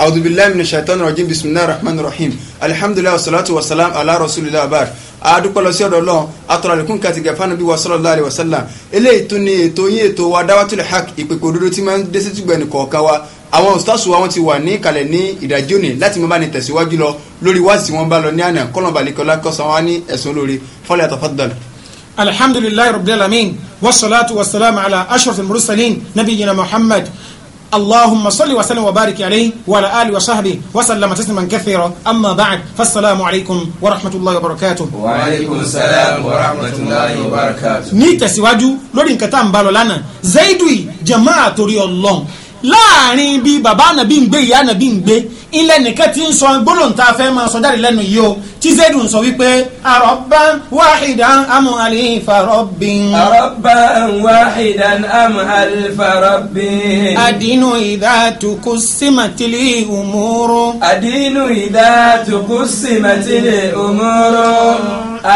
أعوذ بالله من الشيطان الرجيم بسم الله الرحمن الرحيم الحمد لله والصلاة والسلام على رسول الله بارك adúpẹ́ lọ sí ọ̀dọ̀ ọlọ́run atọ́lálẹ́kùn kàti gàfánà bíi sallallahu alaihi wasallam eléyìí tún ni ètò yín ètò wa dáwàtúlẹ̀ hak ìpèkè òdodo tí máa ń dé sí tùgbẹ̀nì wa àwọn ustaasu wa wọn ti wà ní kalẹ̀ ní ìdájí òní láti máa bá ní tẹ̀síwájú lọ lórí wáàsí tí wọ́n bá lọ ní àná kọ́lọ̀bàlẹ́kọ́lá kọ́sán wa ní ẹ̀sùn lórí fọ́lẹ́ àtọ́fọ́dọ̀lù. alhamdulillahi rabbil alamin wassalatu wassalamu ala ashrafil mursalin nabiyyina muhammad اللهم صل وسلم وبارك عليه وعلى آله وصحبه وسلم تسليما كثيرا أما بعد فالسلام عليكم ورحمة الله وبركاته وعليكم السلام ورحمة الله وبركاته نيتا سواجو لورين كتام بالو لنا زيدوي جماعة توري الله láàrin ibi bàbá ànàbí ń gbé ìyá ànàbí ń gbé ilẹ̀ nìkan ti ń sọ gbólóhùn tá a fẹ́ máa sọ jáde lẹ́nu yìí o tí zedun sọ wípé arọ́bán wáhìdán amú àlìfarọ́bìn. arọ́bán wáhìdán amú àlìfarọ́bìn. àdínú ìdá tukú símàtìlì òmùrú. àdínú ìdá tukú símàtìlì òmùrú.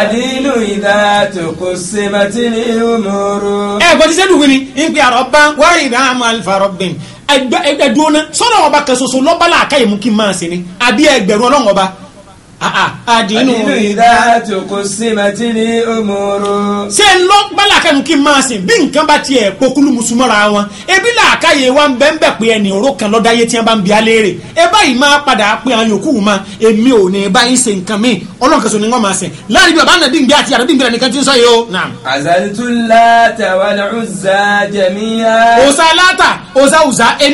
àdínú ìdá tukú símàtìlì òmùrú. ẹ gbọ́dọ̀ sẹ́dùn wí ni ń pe arọ́bán wáhìdán amú àlìfarọ́bìn ẹ̀dúró náà sọ́nà ọba kan ṣoṣo lọ́bàlá àkàyèmú kí n máa ṣe ni àbí ẹgbẹ̀rún ọlọ́run ọba àdínú ìdá tòkó símẹ́tì ní òmòrò. ṣé ń lọ gbálàkànú kí n máa sìn bí nǹkan bá tiẹ̀ pokulu mùsùlùmọ́ra wọn ebi làákàyè wa ń bẹ́ẹ̀ pé ẹnì òró kan lọ́dáyé tí wọ́n bá ń bi aléèrè ẹ báyìí máa padà pé àwọn yòókù ma èmi ò ní báyìí ṣe nǹkan mi ọlọ́nkẹ́ sọ ni wọ́n máa sìn láàrin bí bàbá náà dìgbẹ́ àti nìkan ti ń sọ yìí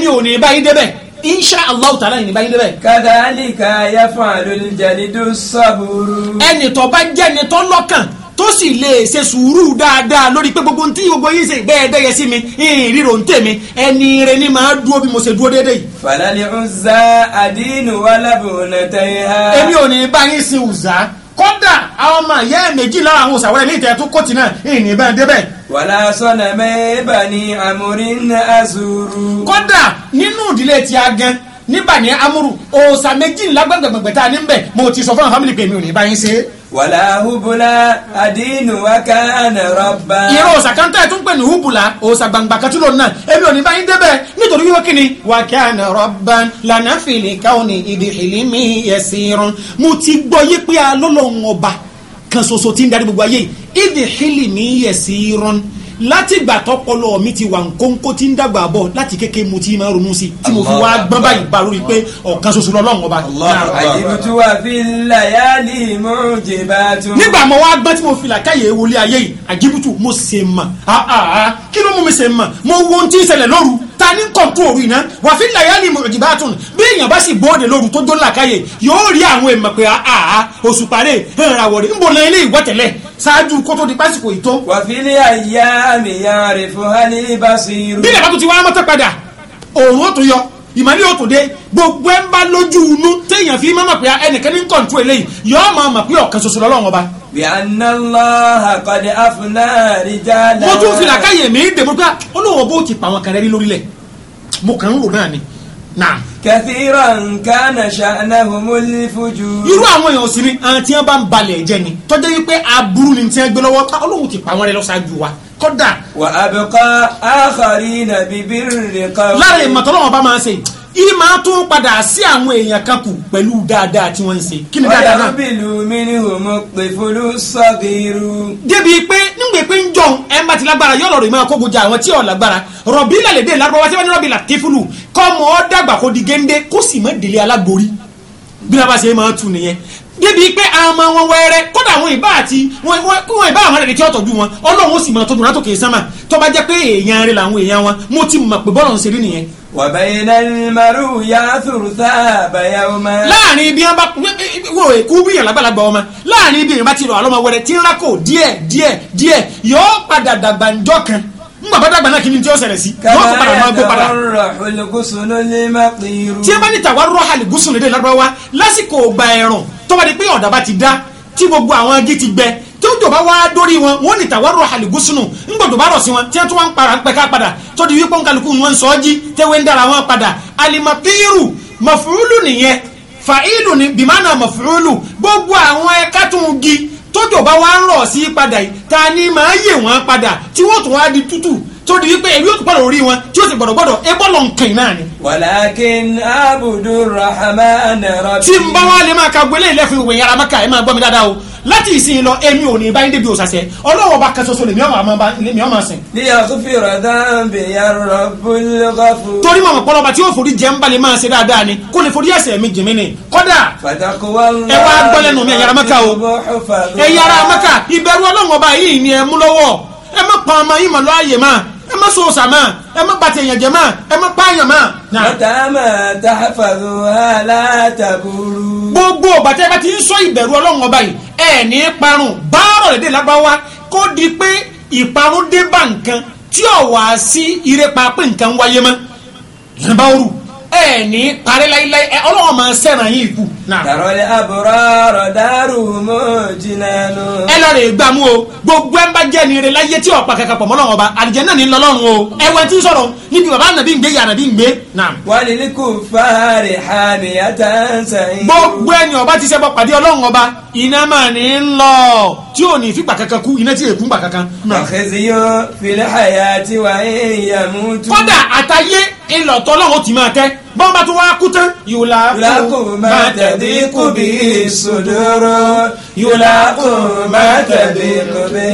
o. insha allah ta'ala yìí ní báyìí débẹ̀. kadhalika yaf'alul jalidu saburu. ẹni tó bá jẹ́ ni tó lọ́kàn tó sì lè ṣe sùúrù dáadáa lórí pé gbogbo ntí gbogbo yín ṣe ìgbẹ́ sí mi ìrírò ń tèmi ẹni rẹ ni màá dúró bí mo ṣe dúró déédéé. falali uzza adinu wàlábùnà tẹ̀yà. èmi ò ní bá yín sin uzza kódà àwọn ọmọ ìyá méjì lára àwọn òṣàwẹ́rẹ́ ilé ìtẹ́tù kóòtù náà ìní bá débẹ̀. wàlá sọ̀nà mẹ́ẹ̀bà ni amúrí ń azuru. kódà nínú ìdílé ti agẹn nígbà ní amúrù òòṣà méjì ńlá gbẹ̀gbẹ̀gbẹ̀ tá a ní bẹ̀ mo ti sọ fún àwọn fámìlì pé mi ò ní bá ṣe é wàlá hubula adínú wakáàna rọ́bà. ìró òòsà kan tẹ́ ẹ̀ tún pè ní hubula òòsà gbangba kátúlò náà èmi ò ní bá yín débẹ̀ nítorí wíwọ́ kí ni. wakáàna rọ́bà lànà fìlì káwọn ní ìdí ìlí mi yẹ sí irun. mo ti gbọ́ yé pé alólùwọ̀n ọba kan ṣoṣo ti ń darí gbogbo ayé ìdí ìlí mi yẹ sí irun látìgbà tọpọlọ mi ti wà nkónkó tí ń dàgbà bọ láti kéke mu tí máa ronú sí tí mo fi wá gbọ́n báyìí parọ́ rí pé ọ̀kan ṣoṣo lọ́lọ́run ọba. nígbà mo wá gbọ́n tí mo fi làkàyè wọlé ayé yìí àjìbùtú mo ṣe mà kí ló mú mi ṣe mà mo wo ohun tí ń ṣẹlẹ̀ lóru ta ní kọ̀ǹtù òru iná wà fi làyálì mọ̀jìbátùn bí èèyàn bá sì bóde lóru tó dó làkàyè yóò rí àwọn èèmọ̀ pé àá oṣù parẹ́ ìhànra wọ̀rẹ́ ń bò lọ ilé ìwọ́ tẹ̀lẹ̀ ṣáájú kó tó di pásìkò ìtó. wà fi lé àyà mi yá rè fún alẹ́ bá sí irú. bí ìlẹ̀ bá tún ti wá mọ́tò padà òun ó tún yọ ìmọ̀lẹ́ yóò tó dé gbogbo ẹ̀ ń bá lójú inú téèyàn fi máa mọ̀ pé ẹnìkan ní kọ̀ǹtù eléyìí yóò máa mọ̀ pé ọ̀kan ṣoṣo lọ́lọ́run ọba. bí análáha kọ́ni afúnáàrí jáde. mo tún fi làkàyè mi dèbò pé olóòwò bó ti pa àwọn kan rẹ́rí lórílẹ̀ mo kàn ń rò náà ni. kathiran kana sha'nahumul fujur. irú àwọn èèyàn sì ni àwọn tí bá ń balẹ̀ jẹ́ ni tọ́jú wípé aburú ni tí gbé lọ́wọ́ Ọlọ́run ti pa wọ́n rẹ lọ́sàájú wa kódà. wà á bẹ̀ kọ́ àkàrí nàbí bí kan. láàrin ìmọ̀tọ́lọ́wọ́n bá máa ń ṣe yìí máa tún padà sí àwọn èèyàn kan kù pẹ̀lú dáadáa tí wọ́n ń ṣe kí ni dáadáa náà. ọ̀yọ́ bìlú mi ni o mo pè folú sọ́bìrú. débi pé nígbè pé ń jọun ẹ má ti lágbára yọ̀rọ̀ rẹ̀ máa kógun ja àwọn tí ò lágbára rọ̀bì làlédè lárúbáwá tí wọ́n ní rọ̀bì làtífùlù kọ́ mọ́ ọ́ dàgbà kó di géńdé kó sì mọ́ délé alágbórí bí wọ́n bá ṣe máa tu nìyẹn débi pé àmọ́ wọn wẹ́rẹ́ kódà wọn ìbá àti wọn ìbá àwọn ẹ̀rẹ̀ tí ó tọ́jú wọn ọlọ́run ó sì máa tọ́jú látòkè sánmà tó jẹ́ pé èèyàn rẹ̀ làwọn èèyàn wọn mo ti mọ̀ pé bọ́ọ̀lù ń ṣe rí nìyẹn. wàbẹ̀yìnà ìmọ̀rù ya sùrùsà bẹ̀yà ọmọ. láàrin bí wọn bá wò ó kú bí ìyànlágbàlagbà ọmọ láàrin bí ìyànbá ti rọ àlọ́mọ wẹrẹ tí ń rákò díẹ̀ díẹ̀ díẹ̀ yóò padà dàgbà ńjọ́ kan n bàbá dàgbà náà kí ni tí ó ṣẹlẹ̀ sí. wọn kò padà máa gbó padà. tí ẹ bá ní tàwa rọ́ọ̀hálì gúúsùn lédè lárúbáwá lásìkò ọgbà ẹ̀rùn tó bá di pé ọ̀dà bá ti dá tí gbogbo àwọn agi ti gbẹ tí ó jọba wá dórí wọn wọn ní tàwárò àlùgúsùnù ńgbọdọ bá rọ sí wọn tí wọn tún wá ń para ń pẹka padà tó di wípé nkàlùkù wọn sọ ọ jí tẹwé ń dára wọn padà alimatiru mọfúrúlù nìyẹn fàílù ni bìmánà mọfúrúlù gbogbo àwọn ẹka tún gi tójọba wá ń rọ̀ sí padà yìí ta ni màá yè wọ́n padà tí wọ́n tún wá di tútù tó di wípé èmi ò tún gbọ́dọ̀ orí wọn tí ó sì gbọ́dọ̀ gbọ́dọ̀ ẹ bọ́lọ̀ nkìn náà ni. walakin abudu rahman rabi. tí n bá wá lè máa ka gbélé ilé ìwé yàrá maka ẹ máa gbọ́ mi dáadáa o láti ìsìn lọ èmi ò ní bá yín débi òsàsẹ ọlọ́wọ́ bá kan ṣoṣo lèmi ọmọ sìn. níyà tó fi rọ̀dá ń bè ya rabbul ghafur. torí màmá pọlọba tí yóò forí jẹ ń balẹ̀ máa ṣe dáadáa ni kó lè forí ẹ̀ṣẹ̀ mi jì mí ni kódà. ẹ wá gbọ́lẹ̀ nù mí ẹ̀yàrá maka o ẹ̀yàrá maka ìbẹ̀rù ọlọ́wọ́ bá yìí ni ẹ mú lọ́wọ́ ẹ má pa ọmọ yín mọ̀ lọ́ má so òòsà mọ́ ẹ má bàtẹ̀ èèyàn jẹ́ mọ́ ẹ má pààyàn mọ́. ọ̀tàmà tàfàlù alátàbúrú. gbogbo bàtẹ́ bá ti ń sọ ìbẹ̀rù ọlọ́run ọba yìí ẹ̀ ní parun báárọ̀ lédè lágbáwá kó di pé ìparun dé bá nǹkan tí ò wá sí ire pé nǹkan wáyé mọ́ ìrìnbá ẹ ní parí láíláí ẹ ọlọ́wọ́ máa sẹ́ràn yín ikú. dàrọ́lẹ̀ àbúrò dàrú mọ́ jìnnà nù. ẹ lọ rè gbà mú o gbogbo ẹ ń bá jẹ́ nire láyé tí ọ̀pá kankan pọ̀ mọ́ lọ́wọ́ ọba náà ní lọ́lọ́run o ẹwẹ́ tí ń sọ̀rọ̀ níbi bàbá ànàbí ń yàrá bí ń gbé. wàlílí kò fàárẹ̀ hàmì àtàǹsà yìí. gbogbo ẹni ọba ti ṣẹbọ pàdé ọlọ́run ọba iná ìlọ̀ tọ́lọ́wọ́ ti máa tẹ́ bọ́n bá tún wá kú tán. yòlákù má tẹ̀dí kù bí sòdòrò yòlákù má tẹ̀dí kù bí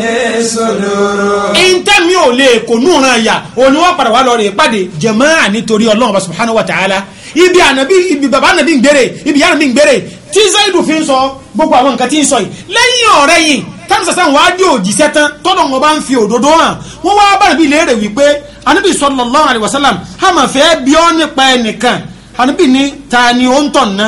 sòdòrò. ìntẹ́mi ò lè kò núra yà òní wọ́n padà wà lọ rè pàdé jẹ̀mọ́ nítorí ọlọ́run bá subhanahu wa ta'ala ibi ànàbí ibi bàbá ànàbí ń gbére ibi yàrá mi ń gbére tí zayidu fi ń sọ gbogbo àwọn nǹkan tí ń sọ yìí lẹ́yìn ọ̀rẹ́ yìí sẹ́sàn wàá dé òjíṣẹ́ tán tọ́lọ̀ wọn bá ń fi òdodo hàn wọ́n wá bá nàbí léèrè wípé anábì sallallahu alaihi wasallam àmọ̀ fẹ́ bí ọ́ nípa ẹnìkan anábì ní ta ni ó ń tọ̀ ná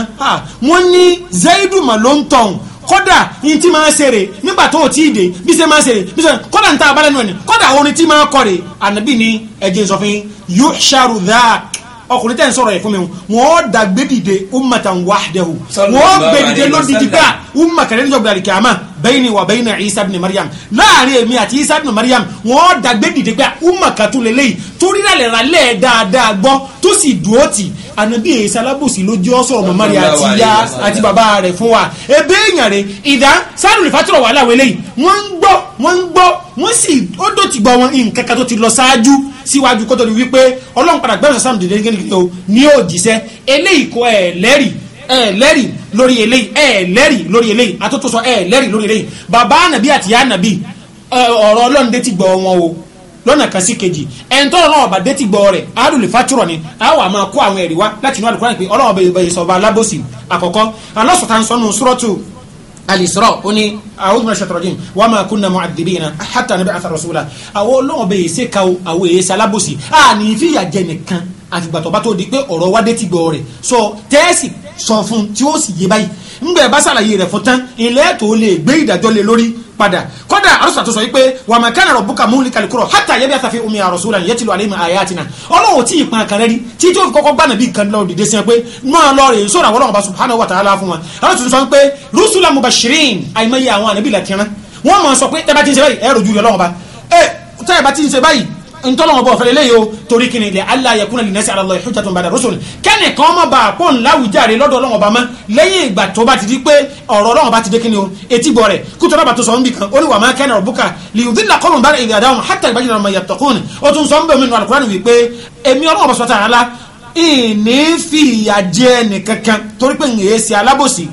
wọ́n ní zaidu mà ló ń tọ̀ kódà ní tí máa ṣeré nígbà tó o ti dé bí ṣe máa ṣeré bí ṣe kódà ní ta abálẹ̀ nù ẹ̀ kódà orin tí máa kọ̀ rè anábì ní ẹ̀jẹ̀ ìsọfin yuhsharu dhak ọkùnrin tẹ́ ń sọ̀rọ̀ yẹn fún mi wọ́n dàgbé dìde ummatan wahdahu wọ́n gbé dìde lódìdí gbà ummatan lẹ́yìn ìjọba bẹ́ẹ̀ni wà bẹ́ẹ̀ni Isa ibn Maryam láàrin èmi àti Isa ibn Maryam wọ́n dàgbé dìde pé umma kàtó lélẹ́yìí torí lálẹ́ ra lẹ́ẹ̀ dáadáa gbọ́ tó sì dúró tì ànábì Isa alábòsí lójú ọ̀sọ̀ ọmọ Maryam àti ya àti bàbá rẹ̀ fún wa ebe èèyàn rẹ̀ ìdá sáré olè fàtúrọ̀ wà láwọn eléyìí wọ́n ń gbọ́ wọ́n ń gbọ́ wọ́n sì ó dòtì gbọ́ wọn nǹkan kan tó ti lọ ṣáájú síwájú kótó ni wípé ọlọ́run padà gbẹ́rù sàmùdìdẹ́ ní òjíṣẹ́ eléyìí kọ́ ẹ̀ lẹ́rìí ẹ lẹ́rì lórí eléyìí ẹ lẹ́rì lórí eléyìí àtúntò sọ ẹ lẹ́rì lórí eléyìí bàbá ànàbí àti ànàbí ọ̀rọ̀ ọlọ́run dé ti gbọ́ wọn o lọ́nà kan sí kejì ẹ̀ńtọ́ náà ọba dé ti gbọ́ rẹ̀ àdùlẹ̀ fàtúrọ̀ ni a wà máa kó àwọn ẹ̀rí wá láti inú àlùkò náà pé ọlọ́run ọba ìbẹ̀yẹ sọ̀ba alábòsì àkọ́kọ́ alọ́sọ̀tà ń sọnù sùrọ́tù alisra ó ní àwọn ọmọ ṣètò rọjìn wà máa kún nàmú àdìbìyàn hatta nab'atha rasula àwọn ọlọ́run ọba èsè ka àwọn èsè alábòsì àní ìfìyà jẹ nìkan àtìgbàtọ̀ bá tó di pé ọ̀rọ̀ wá dé ti gbọ́ rẹ̀ sọ tẹ́ẹ̀sì sọ fún tí ó sì yé báyìí ńgbẹ bá ṣàlàyé rẹ̀ fún tán ilẹ̀ tó lè gbé ìdájọ́ lé lórí padà kódà arúgbó tó sọ yìí pé wà á máa kánà rọ̀bùkà múlí kàlùkùrọ̀ hátà yẹ́bí àtàfin omi àròsó lànà yẹ́tìlú àlẹ́ mi àyà àti nà ọlọ́wọ́ tí ìpín àkàrẹ́ rí tí tí ó fi kọ́kọ́ gbànà bí nǹkan lọ́wọ́ dìde sí ẹ pé máa lọ rè sọ̀rọ̀ àwọn ọlọ́wọ́ subhanahu wa ta'ala fún wa arúgbó tó sọ pé rusula mubashirin àìmọye àwọn ànábì làkìrín wọ́n máa sọ pé tẹ́ ntọ́lọ́wọ́ bọ̀ fẹ́lẹ́ léyìí torí kí ni ilẹ̀ allah yakuna linasi ala Allahi hujjatun ba'da rusul kẹ́nì kan má bàa pọ̀ ńláwùjáre lọ́dọ̀ ọlọ́wọ́ bá mọ́ lẹ́yìn ìgbà tó bá ti di pé ọ̀rọ̀ ọlọ́wọ́ bá ti dé kí ni o etí bọ̀ rẹ̀ kútọ́lá bàtò sọ̀ ń bì kan ó ní wà má kana rabbuka liyudilla qawman ba'da idh hadahum hatta yubayyina ma yattaqun ó tún sọ ń bẹ̀ mí nù Al-Qur'an wípé èmi ọlọ́wọ́ bá sọ tààrà la ìní fi ìyà jẹ nìkankan torí pé ń si alábòsí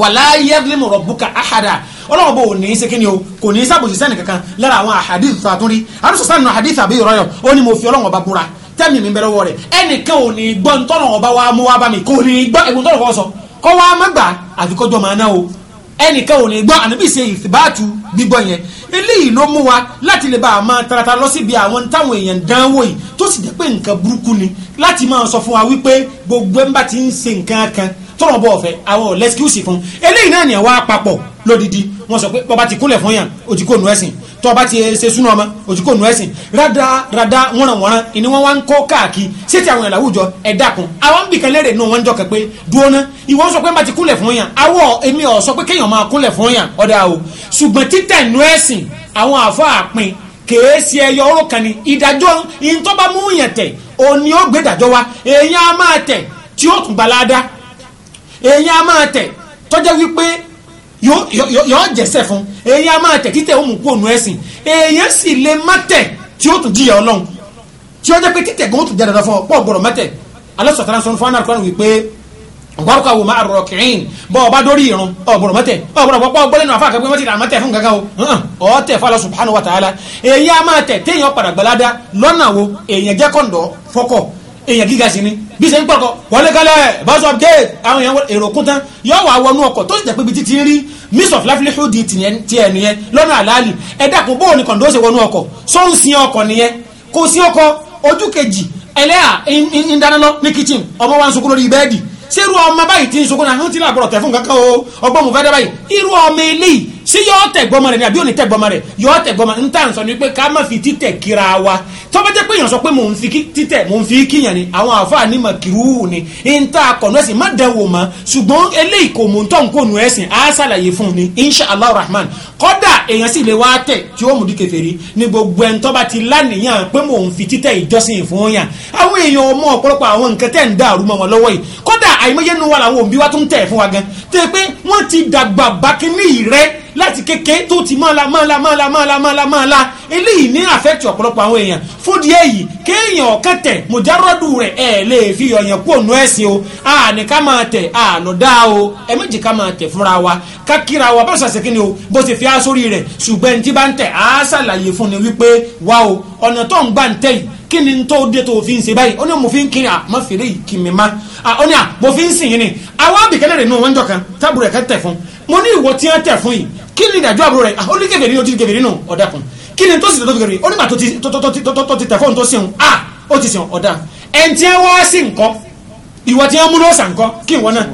wala yazlimu rabbuka ahada ọlọ́run bò ò ní í ṣe kíni o kò ní í ṣàbòsí sẹ́ni kankan lára àwọn àhàdìsì tó a tún rí àdúsọ sẹ́nu àhàdìsì àbí ìrọ̀ yọ ó ní mo fi ọlọ́run ọba búra tẹ́mi mi bẹ̀rẹ̀ wọ rẹ̀ ẹnìkan ò ní gbọ́ ntọ́nà ọba wa mú wa bá mi kò ní gbọ́ ẹ̀gbọ́n tọ́nà kọ́ sọ kọ́ wa má gbà àfikọ́jọ́ máa ná o ẹnìkan ò ní gbọ́ ànábì ṣe ìfìbáàtú gbígbọ́ yẹn eléyìí ló mú wa láti lè bá a máa tarata lọ síbi àwọn táwọn èèyàn dánwò yìí tó sì jẹ́ pé nǹkan burúkú ni láti máa sọ fún wa wípé gbogbo ẹ̀ ń bá ti ń ṣe nǹkan kan tọrọ bọ ọfẹ àwọn lẹsikúsì fún eléyìí náà ní ẹwà àpapọ̀ lódìdí wọn sọ pé bọba ti kúnlẹ̀ fún yàn òtí kò nu ẹ̀sìn tọba ti ṣe súnú ọmọ òtí kò nu ẹ̀sìn rada rada wọnranwọnran ìní wọn wá ń kọ káàkiri sétí àwọn ìlà àwùjọ ẹ̀dá kun àwọn ń bìkan lérè nù wọn ń jọkẹ pé dúró ná ìwọ sọ pé bá ti kúnlẹ̀ fún yàn awọ èmi ọ sọ pé kéèyàn máa kúnlẹ̀ fún yàn ọ̀dà o ṣùgbọ́n títẹ̀ nu ẹ̀sìn àwọn àfọ àpin kèésì ẹyọ ọ̀rọ̀ kan ni ìdájọ́ ìntọ́ba mú yàn tẹ̀ òní ó gbé ìdájọ́ wa èèyàn á máa tẹ̀ tí ó tún gbalada èyàn a máa tẹ̀ tọ́jà wípé yọ̀ọ́ jẹ̀sẹ̀ fún èyàn a máa tẹ̀ títẹ̀ ó mú kú ònú ẹ̀sìn èyàn sì lè má tẹ̀ tí ó tún jìyà ọlọ́run tí ó jẹ́ pé títẹ̀ gan ó tún jẹ́ dandan fún ọ pọ̀ gbọ́dọ̀ mẹ́tẹ̀ alẹ́sọ̀tàn sọ fún anarikọ́ni wípé gbọ́dọ̀ kàwé máa rọ̀ kìrín bọ́ ọba dórí ìrún ọ̀gbọ̀dọ̀ mọ́tẹ̀ ọ̀gbọ̀dọ̀ pọ́pọ́ bọ́lẹ́nu àfa àkẹ́gbẹ́ mọ́tẹ̀ àmọ́ fún gangan o ọ̀tẹ̀ fọlọ́ subhanahu wa ta'ala èyí a máa tẹ̀ téèyàn padà gbalada lọ́nà wo èèyàn jẹ́ kọ́ńdọ̀ fọ́kọ̀ èèyàn gíga sí ni bí ṣe ń pọkọ wọlé kálẹ̀ bus update àwọn èèyàn èrò kún tán yóò wá wọnú ọkọ̀ tó sì jẹ́ pé títí rí miss of livelihood ti ẹnu yẹn lọ́nà àlàálì ẹ̀dá kò bóun ni kọ̀ǹdó ṣe wọnú ọkọ̀ só ń sin ọkọ̀ nìyẹn kò sí ọkọ̀ ojú kejì ẹlẹ́à ń dáná lọ ní kitchen ọmọ wa ń sunkún lórí bẹ́ẹ̀dì ṣé irú ọmọ báyìí ti ń sunkún náà o ọgbọ́n mo fẹ́ dẹ́ báyìí sí yọ tẹ̀gbọ́mọ rẹ̀ ni àbí òní tẹ̀gbọ́mọ rẹ̀ yọ tẹ̀gbọ́mọ n tà ń sọ ni pé ká má fi títẹ̀ kíra wa tọ́ba jẹ́ pé èèyàn sọ pé mò ń fi títẹ̀ mò ń fi kíyàn ni àwọn àfáà ní màkìrú ni n ta kọ̀nù ẹ̀sìn má dẹ̀wò mọ́ ṣùgbọ́n eléyìí kò mú tọ́ nǹkó nu ẹ̀sìn á ṣàlàyé fún ni insha allah rahman kódà èèyàn sì lè wá tẹ̀ tí ó mú di kèfèrí ni gbogbo ẹni tọ́ba ti lánìyàn pé mò ń fi títẹ̀ ìjọsìn fún yàn àwọn èèyàn ọmọ ọ̀pọ̀lọpọ̀ àwọn nǹkan tẹ̀ ń dàrú mọ́ wọn lọ́wọ́ yìí kódà àìmọye nu wa làwọn òbí wa tún tẹ̀ fún wa gan tẹ́ pé wọ́n ti dàgbà bákínní rẹ̀ láti kékeré tó ti máa la máa la máa la máa la máa la máa la eléyìí ní àfẹ́tì ọ̀pọ̀lọpọ̀ àwọn èèyàn fúdi èyí kéèyàn ọ̀kan tẹ̀ mọ̀járọ́dù rẹ̀ ẹ̀ lè fi ọ̀yàn kú ònú ẹ̀sìn o àní ká máa tẹ̀ àlọ́dá o ẹ méjì ká máa tẹ̀ fúnra wa ká kíra wa bá ṣàṣẹ kíni o bó ṣe fi á sórí rẹ̀ ṣùgbọ́n tí bá ń tẹ̀ á ṣàlàyé fún ni wípé wá o ọ̀nà tó ń gbà ń tẹ̀ yìí kí ni tó dé tó fi ń ṣe báyìí ó ní mo fi ń kiri àmọ́ fèrè ìkìmí ma ó ní à mo fi ń sìn yín ni àwa àbìkẹ́lẹ́ rẹ̀ nù wọ́n jọ kan tábùrẹ̀ kẹ́ fún mo ní ìwọ tí wọ́n tẹ̀ fún yìí kí ni ìdájọ́ àbúrò rẹ̀ ah, ó ní kèfèrí ó ti kèfèrí nù ọ̀dà kan kí ni tó sì tó fi kèfèrí ó nígbà tó ti tẹ̀fọ́n tó sìn à ah, ó ti sìn ọ̀dà ẹn tí wọ́n sí nǹkan ìwọ tí wọ́n mú lọ́sà nǹkan kí ìwọ náà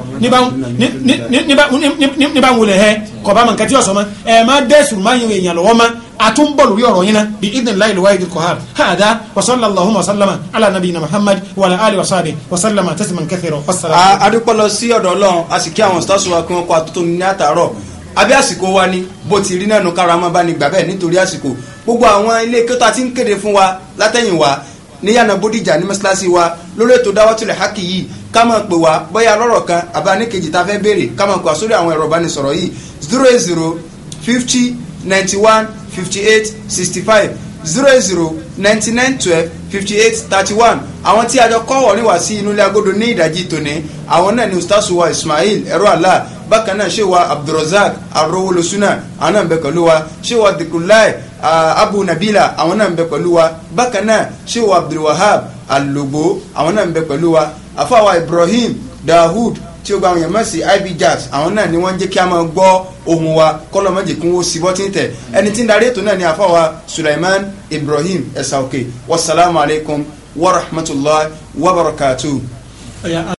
níbà ń wulẹ̀ ẹ kọ̀ọ̀bá mọ̀ nǹkan tí ọ̀sọ́ mọ́ ẹ má dẹ́sùn má yin èèyàn lọ́wọ́ mọ́ àtúnbọ̀ lórí ọ̀rọ̀ yín náà bí idin láì lọ́wọ́ idin kọ̀hár hàdá wasallallahu wasallama ala nabiyina muhammad wàlá ali wasabi wasallama tẹsí mọ̀ nkẹfẹ̀rọ̀ wasallam. a dúpẹ́ lọ sí ọ̀dọ̀ ọlọ́run a sì kí àwọn stars wa kí wọ́n kọ́ àtúntò ní àtàárọ̀ àbí àsìkò wa ni bó ti rí náà nu kára máa bá ní gbà bẹ́ẹ̀ nítorí àsìkò gbogbo àwọn ilé kẹta ti ń kéde fún wa látẹ̀yìn wa ní yànnà bódìjà ní mọ́ṣáláṣí wa lórí ètò dáwọ́tulẹ̀ hákì yìí ká máa pè wá bóyá lọ́rọ̀ kan àbá ní tá a fẹ́ béèrè ká máa pè wá sórí àwọn ẹ̀rọ ìbánisọ̀rọ̀ yìí zero eight zero fifty ninety one fifty eight sixty five zero zero ninety nine twelve fifty eight thirty one àwọn tí àjọ kọ́wọ̀ níwá sí inú ilé agodo ní ìdajì tòní àwọn náà ni ustasuwa ismail ẹ̀rọ àlá bákan náà ṣé wa abdulrozak arowolosuna àwọn náà ń bẹ pẹ̀lú wa ṣé wa dikulai abu nabila àwọn náà ń bẹ pẹ̀lú wa bákan náà ṣé wa abdulwahab alogbo àwọn náà ń bẹ pẹ̀lú wa àfáwà ibrahim dahud tí ó gba àwọn èèyàn mọ̀ sí ib jazz àwọn náà ni wọ́n ń jẹ́ kí a máa gbọ́ ohun wa kọ́lọ́ mọ́jì kí wọ́n síbọ́ tí tẹ̀ ẹni tí ń darí ètò náà ni àfọwà Sulaiman Ibrahim Ẹ̀sà òkè wasalaamualeykum wa rahmatulahi wa barakatuh.